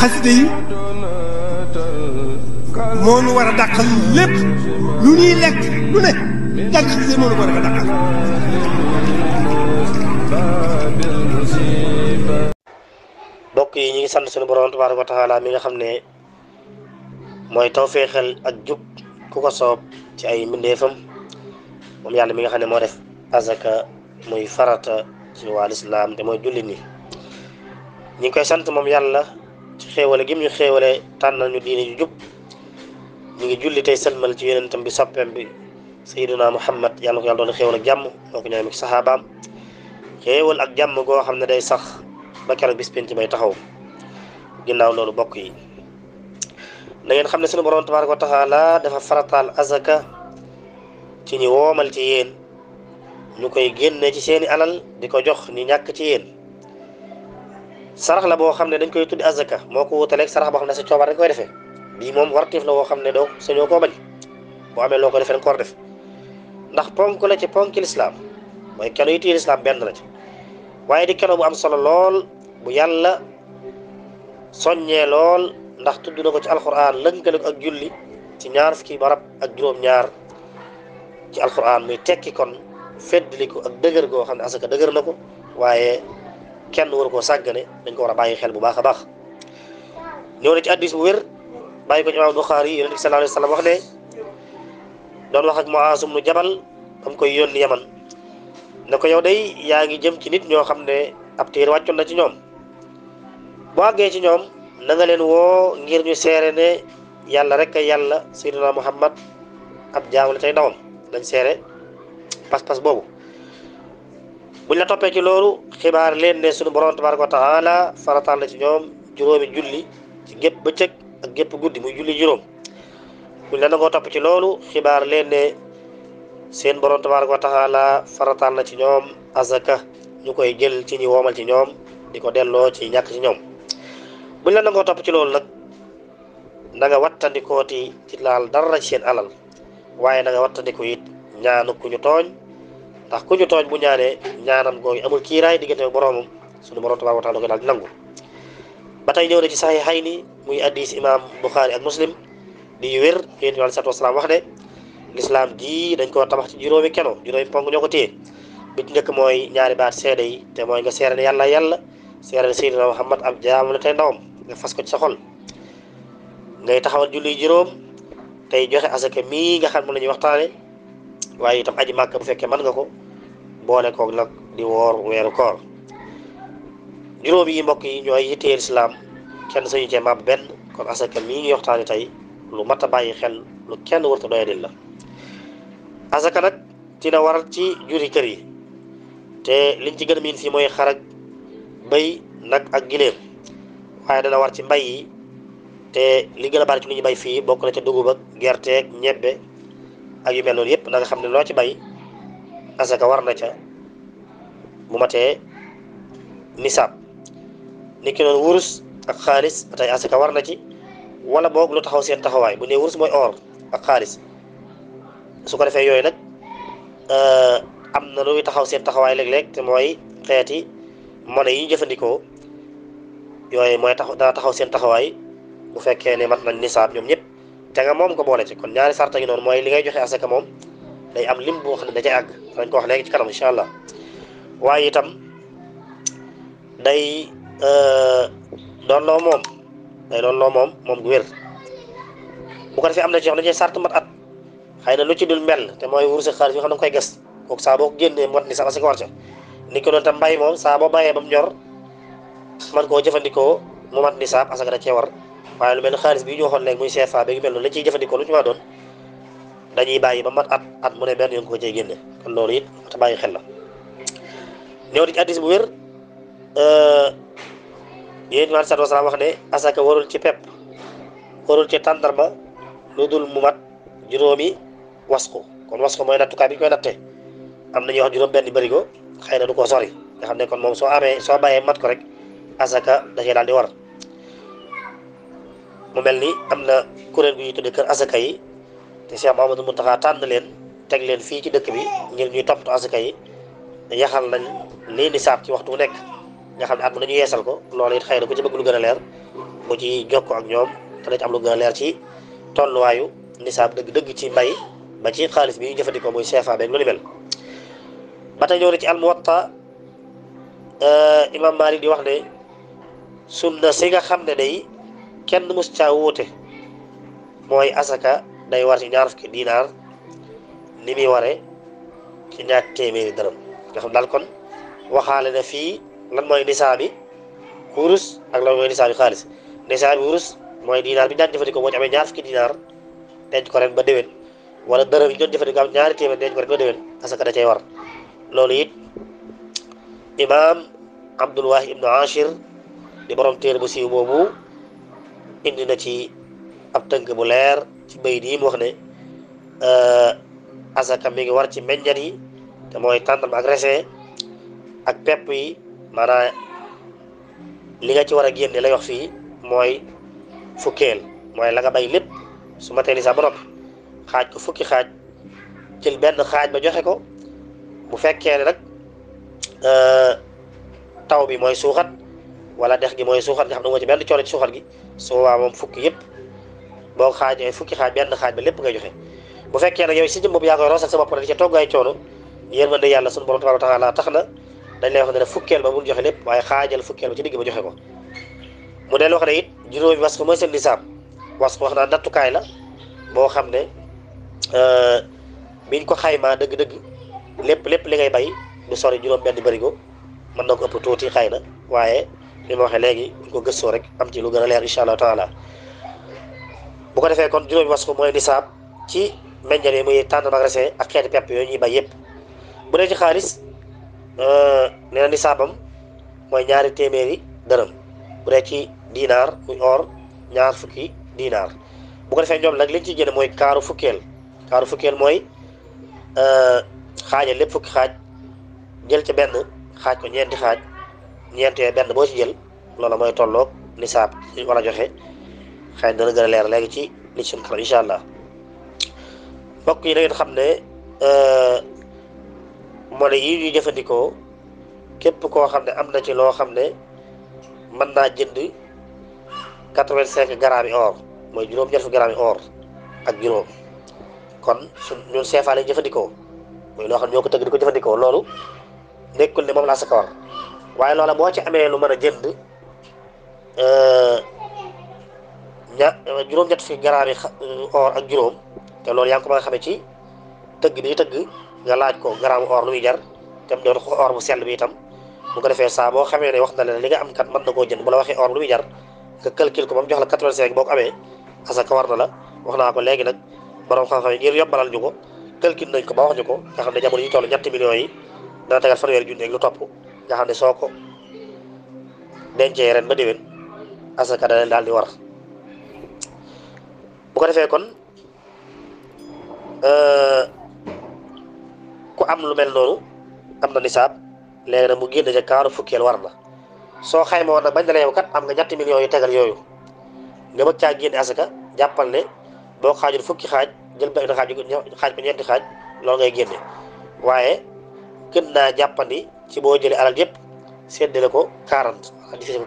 xasida yi moo nu war a dàqal lépp lu ñuy lekk lu ne jàng yi moo nu war a dàqal. mbokk yi ñu ngi sant suñu borom nga xam ne mooy tawféexal ak jub ku ko soob ci ay mbindeefam moom yàlla mi nga xam ne moo def azaka muy farata ci waa lislaam te mooy julli nii. ñi ngi koy sant moom yàlla ci xéewale gim ñu xéewale tànnal ñu diine ju jub ñu ngi julli tey sëlmal ci yonentam bi soppeem bi sayyiduna muhammad yàlla ko yàlla doon xéewal ak jàmm moo ko ñaam ak saxaabaam xéewal ak jàmm goo xam ne day sax ba keroog bis penc bay taxaw ginnaaw loolu bokk yi na xam ne sunu borom tabaaraka wa taala dafa farataal azaka ci ñu woomal ci yéen ñu koy génne ci seeni alal di ko jox ñi ñàkk ci yéen sarax la boo xam ne dañ koy tuddi azaka moo ko wutaleeg sarax boo xam ne sa coobar dañ koy defee bii moom wartiif la boo xam ne doo sañoo ko bañ boo amee loo ko defee dañ ko war def ndax ponk la ci ponki lislaam mooy keno yi téye lislaam benn la ci waaye di keno bu am solo lool bu yàlla soññee lool ndax tudd na ko ci alxuraan lënkale ko ak julli ci ñaar fukki barab ak juróom-ñaar ci alxuraan muy tekki kon feddli ko ak dëgër goo xam ne asaka dëgër na ko waaye kenn waru koo sàggane dañ ko war a bàyyi xel bu baax a baax ñëw na ci addis bu wér bàyyi ko ci imaam Buxaari yonent bi sallallahu koy yónni Yaman ne yow day yaa ngi jëm ci nit ñoo xam ne ab téere wàccoon na ci ñoom boo àggee ci ñoom na leen woo ngir ñu seere ne yàlla rek a yàlla sayyidina Muhammad ab jaam la tey ndawam lañ seere pas-pas boobu buñ la ci loolu xibaar leen suñu borom tabaraka wa taala na ci ñoom juróomi julli ci gépp bëccëg ak gépp guddi muy julli juróom buñ la nangoo topp ci loolu xibaar leen ne seen borom tabaraka ci ñoom azaka ñu koy jël ci ñi woomal ci ñoom di ko delloo ci ñàkk ci ñoom buñ la nangoo topp ci loolu nag na nga wattandikooti ci laal dara ci seen alal waaye na wattandiku it ñaanu ku ñu tooñ ndax ku ñu tooñ bu ñaanee ñaanam googu amul kiiraay diggante boroomam suñu borom tabaaraka wa taala ko daal di nangu ba tey ñëw na ci saxiixayni muy hadiis imaam Buxaari ak muslim di wér yonent bi aleyhi salaatu wa salaam wax ne lislaam jii dañ koo tabax ci juróomi keno juróomi ponk ñoo ko téye bi ci njëkk mooy ñaari baat seede yi te mooy nga seere ne yàlla yàlla seere ne Seydina Muhammad ab jaam la tey ndawam nga fas ko ci sa xol ngay taxawal julli juróom tey joxe asaka mii nga xam ne la ñuy waxtaane waaye itam aji màkk bu fekkee man nga ko boole koog nag di woor weeru koor juróom yi mbokk yi ñooy yittee islaam kenn sañu cee màbb benn kon asaka mii ñuy waxtaane tey lu mat a bàyyi xel lu kenn warta doyadil la asaka nag dina waral ci juri kër yi te liñ ci gën a miin fii mooy xar ak bëy nag ak giléem waaye dana war ci mbay yi te li gëna a ci lu ñuy bay fii bokk na ca dugub ak gerte ak ñebbe ak yu mel noonu yëpp na nga xam ne loo ci bay asaka war na ca bu matee nisaab ni ki noonu wurus ak xaalis ba tey asaka war na ci wala boog lu taxaw seen taxawaay bu ne wurus mooy or ak xaalis su ko defee yooyu nag euh, am na luy taxaw seen taxawaay léeg-léeg te mooy xeeti monnaie yi ñu jëfandikoo yooyu mooy tax dana taxaw seen taxawaay bu fekkee ne mat nañ nisaab ñoom ñëpp tenga moom ko boole ci kon ñaari sarta gi noonu mooy li ngay joxe asaka moom day am lim boo xam ne da cay àgg ko wax léegi ci kanam incha allah waaye itam day euh, doon loo moom day doon loo moom moom gu wér bu ko defee am na ci yoo xam ne mat at xëy na lu ci dul mel te mooy wurus xaalis yoo xam ne koy gas kooku saa boo ko génnee mot ni ko doon tam mbay moom saa bàyyee ba mu ñor man jëfandikoo mu mat ni saab asaka da cee war waaye lu mel ne xaalis bi ñu waxoon léegi muy CFA ngi mel noonu lañ ciy jëfandikoo lu ci ma doon dañuy bàyyi ba mat at at mu ne benn yoon ko cay génne kon loolu it te bàyyi xel la. ñëw di ci addis bu wér euh, yéen wàllu saa wasalaam wax ne asaka warul ci pepp warul ci tàndarma lu dul mu mat juróomi wasku kon wasko mooy nattukaay bi koy nattee am na ñuy wax juróom benn bërigo xëy na du ko sori nga xam ne kon moom soo amee soo bàyyee mat ko rek asaka da cee daal di war. mu mel ni am na kuréel gu ñuy tuddee kër asaka yi te Cheikh Mouhamadou Mountakha tànn leen teg leen fii ci dëkk bi ngir ñuy toppatoo asaka yi yaxal nañ lii nisaab ci waxtu wu nekk nga xam ne at mu yeesal ko loolu it xëy na ku ci bëgg lu gën a leer mu ci jokkoo ak ñoom te ci am lu gën a leer ci tolluwaayu nisaab dëgg-dëgg ci mbay ba ci xaalis bi ñu jëfandikoo booy CFA beeg lu ni mel. ba tey ñëw na ci almuwatta euh, imam Malik di wax ne sunna si nga xam ne day. kenn mos caa wote moy asaka day war ci ñaar fukki dinar ni mi waré ci ñaar téeméeri dërëm nga xam dal kon waxale na fi lan moy nisabi kurus ak lan moy nisabi xaalis nisabi kurus moy dinar bi dañ daan jëfandikoo boo ci amee ñaar fukki dinar dañ ko ren ba déwén wala dërëm yi doon ñaar dañ ko ren ba asaka da cey war loolu it imam Abdul Wahid ibnu Ashir di borom téré bu siiw bobu indi na ci ab tënk bu leer ci bayit yi mu wax ne euh, asaka mi ngi war ci meññat yi te mooy tàndam ak resin ak pepp yi maanaam li nga ci war a génne lay wax fii mooy fukkeel mooy la bay lépp su ma tee xaaj ko fukki xaaj jël benn xaaj ba joxe ko bu fekkee ne nag euh, taw bi mooy suuxat wala dex gi mooy suuxat nga xam ne moo ci benn coono ci suuxat gi su boobaa moom fukki yëpp boo xaajee fukki xaaj benn xaaj ba lépp ngay joxe bu fekkee nag yow si jëm yaa koy roosal sa bopp rek ca togg ay coono yërmande yàlla sunu borom tabaaraka wa taala tax na dañ lay wax fukkeel ba bul joxe lépp waaye xaajal fukkeel ba ci digg ba joxe ko mu del wax ne it juróomi wasq mooy seen nisaab wasq wax naa nattukaay la boo xam ne euh, biñ ko xaymaa dëgg-dëgg lépp lépp li ngay bay du sori juróom benn barigo mën na ko ëpp tuuti xay na waaye li ma waxee léegi buñ ko gëstoo rek am ci lu gën a leer incha allah taala bu ko defee kon juróomi wasxu mooy nisaab ci meññal yi muy tànn ak raisin ak xeeti pepp yooyu ñuy bay yëpp bu dee ci xaalis euh, nee na mooy ñaari téeméeri dërëm bu dee ci dinaar muy or ñaar fukki diinaar bu ko defee ñoom nag liñ ci jële mooy kaaru fukkeel kaaru fukkeel mooy euh, xaaja lépp fukki xaaj jël ci benn xaaj ko ñeenti xaaj ñeent yooyu benn boo ci jël loola mooy tolloog nisaab si war a joxe xëy dana gën a leer léegi ci li ci kanam incha allah mbokk yi da ngeen xam ne euh, mone yi ñuy jëfandikoo képp koo xam ne am na ci loo xam ne mën naa jënd quatre-vingt-cinq grammes or mooy juróom ñaar fukki grammes or ak juróom kon su ñun CFA lay jëfandikoo mooy loo xam ñoo ko tëgg di ko jëfandikoo loolu nekkul ne moom laa sa waaye loola boo ci amee lu mën a jënd euh, ña juróom-ñett fi garaami euh, or ak juróom te loolu yaa ngi ko mën a ci tëgg bi ñu tëgg nga laaj ko garaamu or lu muy jar te mu doon or bu sell bi itam bu ko defee saa boo xamee ne wax na leen li nga am kat mën na koo jënd bu la waxee or lu muy jar nga calcule ko ba mu jox la quatre-vingt-cinq boo ko amee asaka war na la wax naa ko léegi nag borom xam-xam yi ngir yombalal ñu ko calcule nañ ko ba wax ñu ko nga xam ne jamono yi toll ñetti millions yi dana tegal fanweeri junni ak lu nga xam ne soo ko dencee ren ba déwén asaka da daal di war bu ko defee kon euh, ku am lu mel noonu am na nisaab léegi nag mu génn ca kaaru fukkeel war na soo xayma woon bañ na la kat am nga ñetti millions yu tegal yooyu nga bëgg caa génne asaka jàppal ne boo xaajul fukki xaaj jël benn xaaj xaaj ba ñeenti xaaj loolu ngay génne waaye gën naa jàppandi ci boo jëlee alal yëpp seddale ko 40 di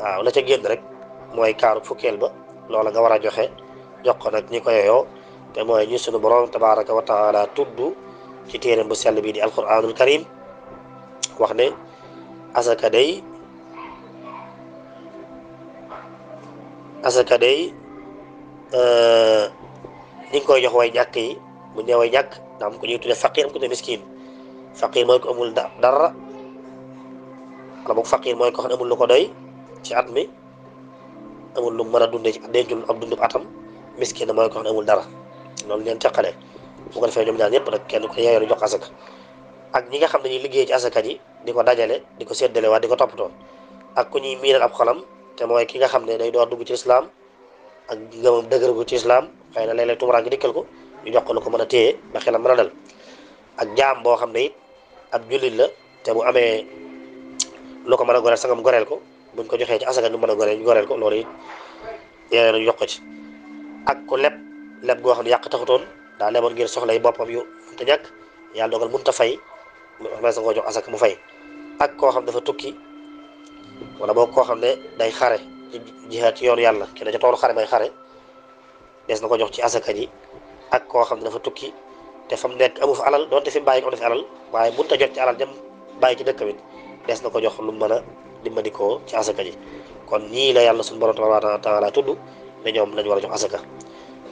waaw la ca génn rek mooy kaaru fukkeel ba loola nga war a joxe jox ko nag ñi ko ñu sunu borom tabaraka wa taala tudd ci téeréem bu sell bii di alquranul karim wax ne asaka day asaka euh, koy jox way ñàkk yi bu ñëwee ñàkk daa am ko ñuy tudde faqir am ko tudde miskin faqiir mooy ko amul dara wala boog faqiir mooy ko xam ne amul lu ko doy ci at mi amul lu mën a dundee ci dencul am dundub atam miskin mooy ko xam ne amul dara loolu leen teqale bu ko defee ñoom ñaar ñëpp nag kenn ku ne yaayoo ak ñi nga xam ne liggéey ci asaka ji di ko dajale di ko séddale waa di ko toppatoo ak ku ñuy ab xolam te mooy ki nga xam ne day door dugg ci lislaam ak gëmam dëgër gu xëy na léeg-léeg tumuraange ko ñu jox ko lu mën a téye ba xelam mën a dal ak jaam boo xam ne it ab jullit la te bu amee lu ko mën a goreel sangam goreel ko buñ ko joxee ci asaka nu mën a goreel ñu goreel ko loolu it yéen nañu yokk ci ak ko leb leb goo xam ne yàq taxutoon daa leboon ngir soxlay boppam yu te ñàkk yàlla dogal mënut a fay ma koo jox asaka mu fay ak koo xam dafa tukki wala boog koo xam ne day xare ci jihaad ci yoonu yàlla kenn ca toolu xare bay xare des na ko jox ci asaka ji ak koo xam ne dafa tukki te fa mu nekk amu fa alal doonte fi bàyyi ko am na fi alal waaye mënut a jot ci alal dem bàyyi ci dëkk bi des na ko jox lu mën a dimbali ko ci asaka ji kon ñii la yàlla suñu borom tabaaraka wa taala tudd ne ñoom lañu war a jox asaka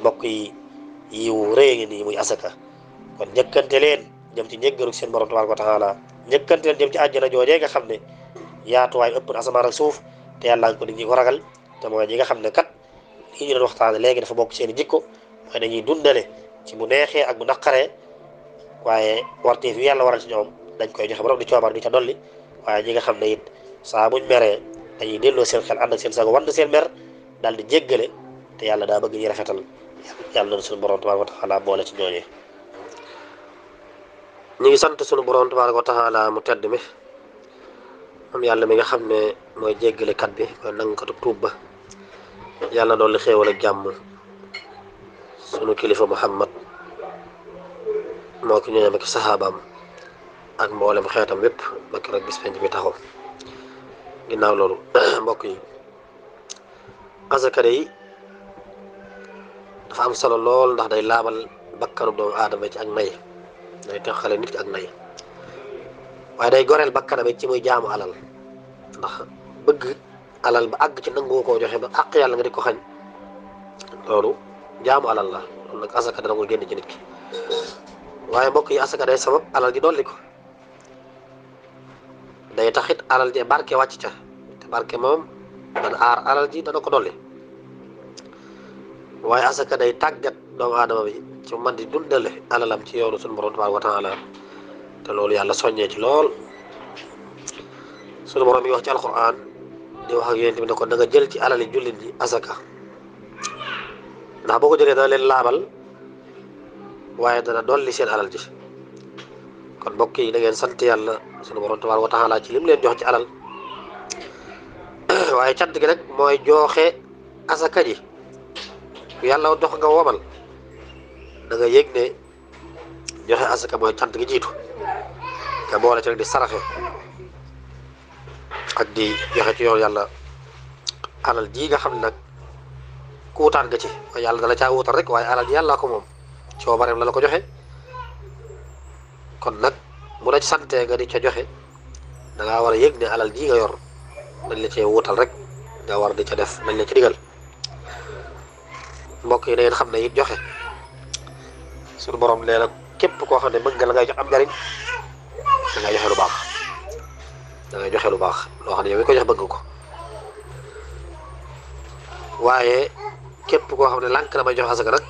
mbokk yi yiwu rëy ngi nii muy asaka kon njëkkante leen jëm ci njëggalu seen borom tabaaraka wa taala njëkkante leen jëm ci àjjana joojee nga xam ne yaatuwaay ëpp na asamaan ak suuf te yàlla ko nit ñi ko ragal te mooy ñi nga xam ne kat lii ñu waxtaan waxtaane léegi dafa bokk seen i jikko mooy dañuy dundale ci bu neexee ak bu naqaree waaye warteef yu yàlla waral ci ñoom dañ koy joxe ba di coobar di ca dolli waaye ñi nga xam ne it saa buñ meree dañuy delloo seen xel daal di jéggale te yàlla daa bëgg ñu rafetal yàlla na suñu borom tabaaraka wa taala ngi sant suñu borom tabaaraka wa taala mu tedd mi am yàlla mi nga xam ne mooy jéggalekat bi mooy nangkatu tuub ba yàlla doon li xéewal ak jàmm sunu kilifa Muhammad moo ki ñooñam ak saxaabaam ak mboolem xeetam wépp ba keroog bis penc bi taxaw ginnaaw loolu mbokk yi asakare yi dafa am solo lool ndax day laabal bakkanu doomu aadama ci ak nay day teqale nit ak nay waaye day goreel bakkanam ci muy jaamu alal ndax bëgg alal ba àgg ci nangu koo joxe ba àq yàlla nga di ko xañ loolu jaamu alal la loolu nag asaka dana ko génn ci nit ki waaye mbokk yi asaka day sabab alal gi dolli ko day taxit alal ji barke wàcc ca te barke moom dana aar alal ji dana ko dolli waaye asaka day tàggat doomu aadama bi ci man di dundale alalam ci yoonu sunu borom tabaaraka loolu yàlla soññee ci lool sunu borom yi wax ci alquran di wax ak yéen tamit ko danga jël ci alali jullit yi asaka ndax boo ko jëlee dana leen laabal waaye dana dolli seen alal ji kon mbokk yi da ngeen sant yàlla sunu borom tabaaraka wa taala ci lim leen jox ci alal waaye nag mooy jooxe asaka ji yàlla dox nga womal da nga joxe asaka mooy cant gi jiitu nga boole ci rek di saraxe ak di joxe ci yoon yàlla alal ji nga xam ne nag kuutaat nga ci yàlla dala caa wuutal rek waaye alal ji yàllaa ko moom coobareem la la ko joxe kon nag mu la santee nga di ca joxe da war a yëg ne alal ji nga yor nañ la cee wuutal rek nga war a di ca def nañ la ci digal mbokk yi da xam ne it joxe suñu borom nee na képp koo xam ne bëgg nga la jox am njariñ da ngay joxe lu baax da ngay joxe lu baax loo xam ne yow mi ko jox bëgg ko waaye képp koo xam ne lànk na may jox asaka nag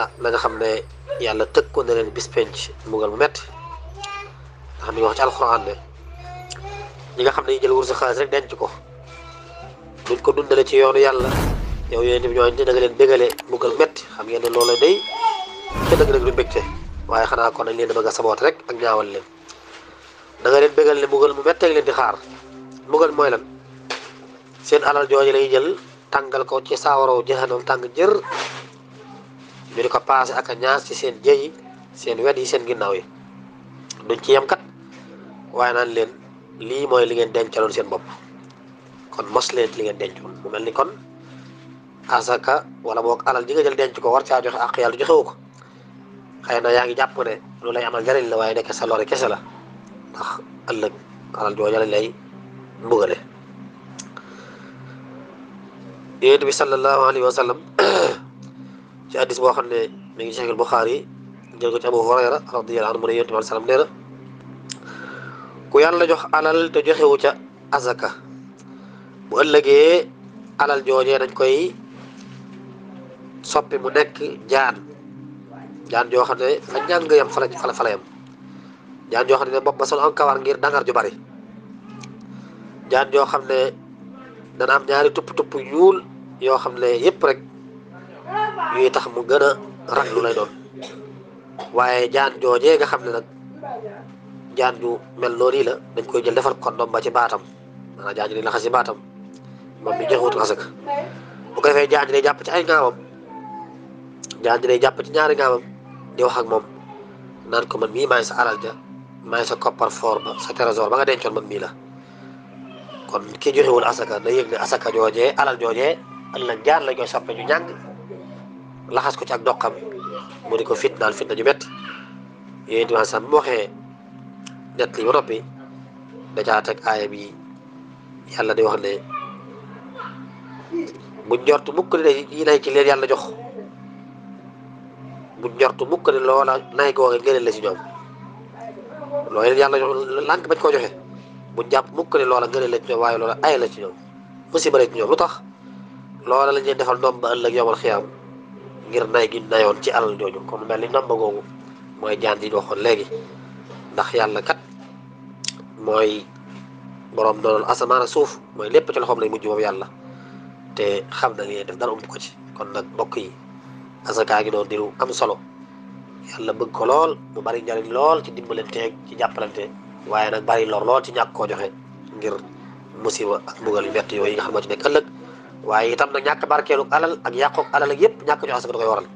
ah nga xam ne yàlla tëkkoon na leen bis penc mbugal mu métti ndax mi wax ci alxuraan ne ñi nga xam ne ñu jël wursu xaalis rek denc ko duñ ko dundale ci yoonu yàlla yow yooyu tamit ñooñu te da nga leen bégalee mbugal métti xam ngeen ne loolu day te dëgg dëgg du mbégte waaye xanaa kon dañ leen di bëgg saboot rek ak ñaawal leen da nga leen bégal mbugal mu métteeg leen di xaar mbugal mooy lan seen alal jooju lay jël tàngal ko ci saawaroo jahanam tàng jër ñu di ko paase ak a ñaas ci seen jëy seen wet yi seen ginnaaw yi duñ ci yem kat waaye naan leen lii mooy li ngeen dencaloon seen bopp kon mos leen ci li ngeen dencoon mu ni kon wala boog alal ji denc ko war caa joxe ak yàlla joxewu ko xëy na yaa ngi jàpp ne lu lay amal njariñ la waaye nekk sa lore kese la ndax ëllëg alal jooja lay mbugale yonent bi sallallahu alayhi wa ci addis boo xam ne mi ngi Sahihul Bukhari jël ko ci Abu Hurayra jox alal joxewu ca azaka bu dañ koy soppi mu nekk jaan jaan joo xam ne fa ñàng yam fala fala fala yam jaan joo ne bopp sol am kawaar ngir dangar ju bari jaan joo ne dana am ñaari tupp tupp ñuul yoo xam ne yëpp rek yuy tax mu gën a raglu lay doon waaye jaan joojee nga xam ne nag jaan ju mel noonu la dañ koy jël defar kondom ba ci baatam maanaam jaan ji di laxas ci baatam moom mi joxewut xasak ko defee jàpp ci ay ngaamam jaan ji jàpp ci ñaari ngaamam di wax ak moom naan ko man mii maay sa alal ja maay sa koppar foor ba sa trésor ba nga dencoon man mii la kon ki joxewul asaka day yëg ne asaka joojee alal joojee ëllëg jaar la ñooy sappe ñu ñàng laxas ko ci ak doqam mu di ko fitnaal fitna ju métti yooyu diwaan sax bu waxee bi yàlla di wax ne bu njortu mukk ne yi nay ci leen yàlla jox bu la yàlla jox lànk bañ koo joxe bu jàpp mukk ne loola ngëneel la ci ñoom waaye loola ay la ci lu tax loola la ñuy defal ndomb ëllëg yowal xiyaam ngir nay gi nayoon ci alal jooju kon mel ni ndomba googu mooy jaan di waxoon léegi ndax yàlla kat mooy boroom doonal asamaan ak suuf mooy lépp ci loxoom lay mujj moom yàlla te xam na li def dara umb ko ci kon nag mbokk yi asakaa gi doon diru am solo yàlla bëgg ko lool mu bari njariñ lool ci dimbalanteeg ci jàppalante waaye nag bari lor lool ci ñàkk koo joxe ngir musiba ak mbugal yu metti yooyu nga xam ne ci nekk ëllëg waye itam nag ñàkk barkeelu alal ak yàqoog alal ak yëpp ñàkk joxe asaka da koy waral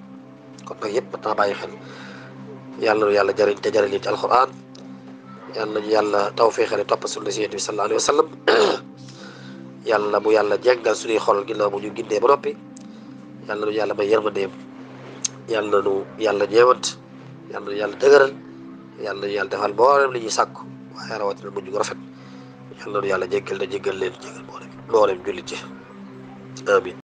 kon nag yépp ta baye xel yalla nu yàlla jëriñ te jëriñ ci alquran yalla ñu yalla tawféexale topp sunna si yonent sallallahu alayhi wasallam yalla bu yalla jéggal suñu xol ginnaaw bu ñu gindee ba noppi yàlla nu yàlla may yërmandeem yàlla nu yàlla ñeewant yàlla nu yalla dëgëral yalla ñu yalla defal mboolem li ñu sàkku waye rawatina bu ñu rafet yalla nu yalla jéggal da jéggal leen jéggal mboolem mboolem jullit ci Dub.